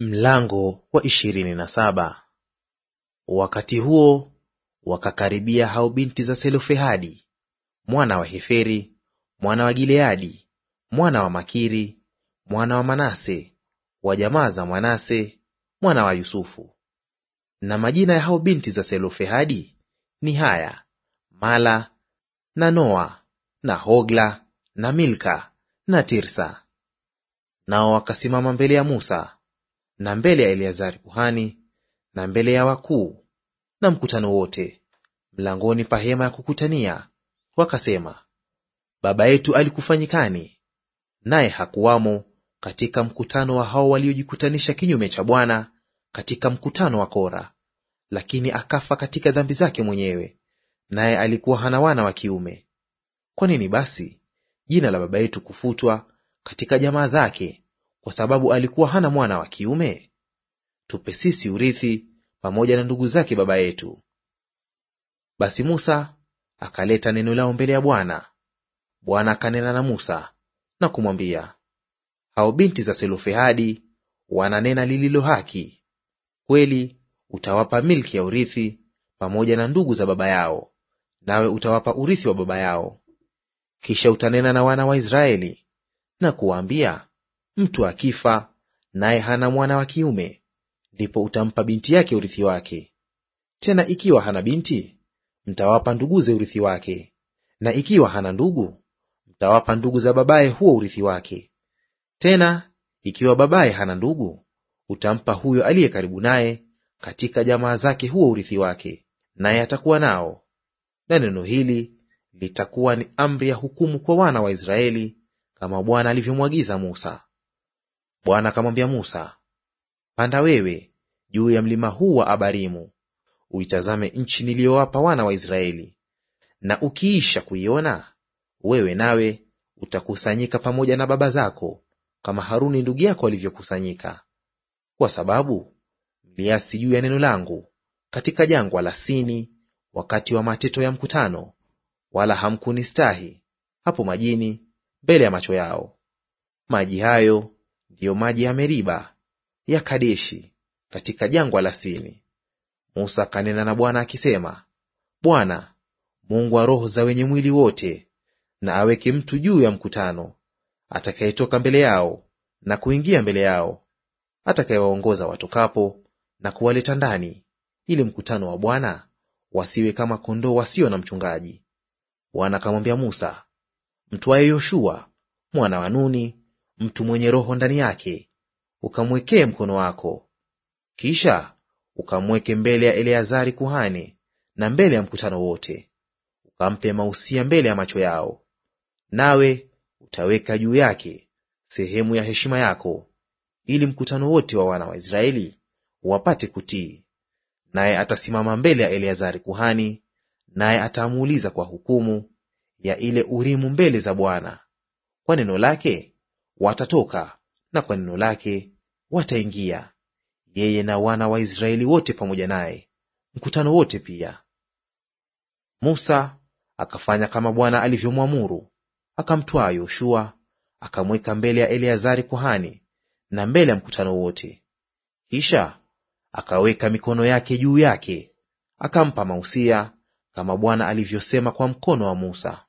Mlango wa ishirini na saba. Wakati huo wakakaribia hao binti za Selofehadi mwana wa Heferi mwana wa Gileadi mwana wa Makiri mwana wa Manase wa jamaa za Manase mwana wa Yusufu. Na majina ya hao binti za Selofehadi ni haya: Mala na Noa na Hogla na Milka na Tirsa. Nao wakasimama mbele ya Musa na mbele ya Eleazari kuhani na mbele ya wakuu na mkutano wote mlangoni pa hema ya kukutania, wakasema, Baba yetu alikufanyikani, naye hakuwamo katika mkutano wa hao waliojikutanisha kinyume cha Bwana katika mkutano wa Kora, lakini akafa katika dhambi zake mwenyewe, naye alikuwa hana wana wa kiume. Kwa nini basi jina la baba yetu kufutwa katika jamaa zake, kwa sababu alikuwa hana mwana wa kiume? Tupe sisi urithi pamoja na ndugu zake baba yetu. Basi Musa akaleta neno lao mbele ya Bwana. Bwana akanena na Musa na kumwambia, hao binti za Selofehadi wananena lililo haki; kweli utawapa milki ya urithi pamoja na ndugu za baba yao, nawe utawapa urithi wa baba yao. Kisha utanena na wana wa Israeli na kuwaambia, Mtu akifa naye hana mwana wa kiume, ndipo utampa binti yake urithi wake. Tena ikiwa hana binti, mtawapa nduguze urithi wake, na ikiwa hana ndugu, mtawapa ndugu za babaye huo urithi wake. Tena ikiwa babaye hana ndugu, utampa huyo aliye karibu naye katika jamaa zake huo urithi wake, naye atakuwa nao. Na neno hili litakuwa ni amri ya hukumu kwa wana wa Israeli, kama Bwana alivyomwagiza Musa. Bwana akamwambia Musa, panda wewe juu ya mlima huu wa Abarimu, uitazame nchi niliyowapa wana wa Israeli, na ukiisha kuiona wewe nawe utakusanyika pamoja na baba zako kama Haruni ndugu yako alivyokusanyika, kwa sababu mliasi juu ya neno langu katika jangwa la Sini wakati wa mateto ya mkutano, wala hamkunistahi hapo majini mbele ya macho yao. Maji hayo ndiyo maji ya Meriba ya Kadeshi katika jangwa la Sini. Musa akanena na Bwana akisema, Bwana Mungu wa roho za wenye mwili wote, na aweke mtu juu ya mkutano atakayetoka mbele yao na kuingia mbele yao, atakayewaongoza watokapo na kuwaleta ndani, ili mkutano wa Bwana wasiwe kama kondoo wasio na mchungaji. Bwana akamwambia Musa, mtwaye Yoshua mwana wa Nuni mtu mwenye roho ndani yake, ukamwekee mkono wako. Kisha ukamweke mbele ya Eleazari kuhani na mbele ya mkutano wote, ukampe mausia mbele ya macho yao. Nawe utaweka juu yake sehemu ya heshima yako, ili mkutano wote wa wana wa Israeli wapate kutii. Naye atasimama mbele ya Eleazari kuhani, naye atamuuliza kwa hukumu ya ile Urimu mbele za Bwana kwa neno lake watatoka na kwa neno lake wataingia, yeye na wana wa Israeli wote pamoja naye, mkutano wote pia. Musa akafanya kama Bwana alivyomwamuru, akamtwaa Yoshua akamweka mbele ya Eleazari kuhani na mbele ya mkutano wote. Kisha akaweka mikono yake juu yake, akampa mausia kama Bwana alivyosema kwa mkono wa Musa.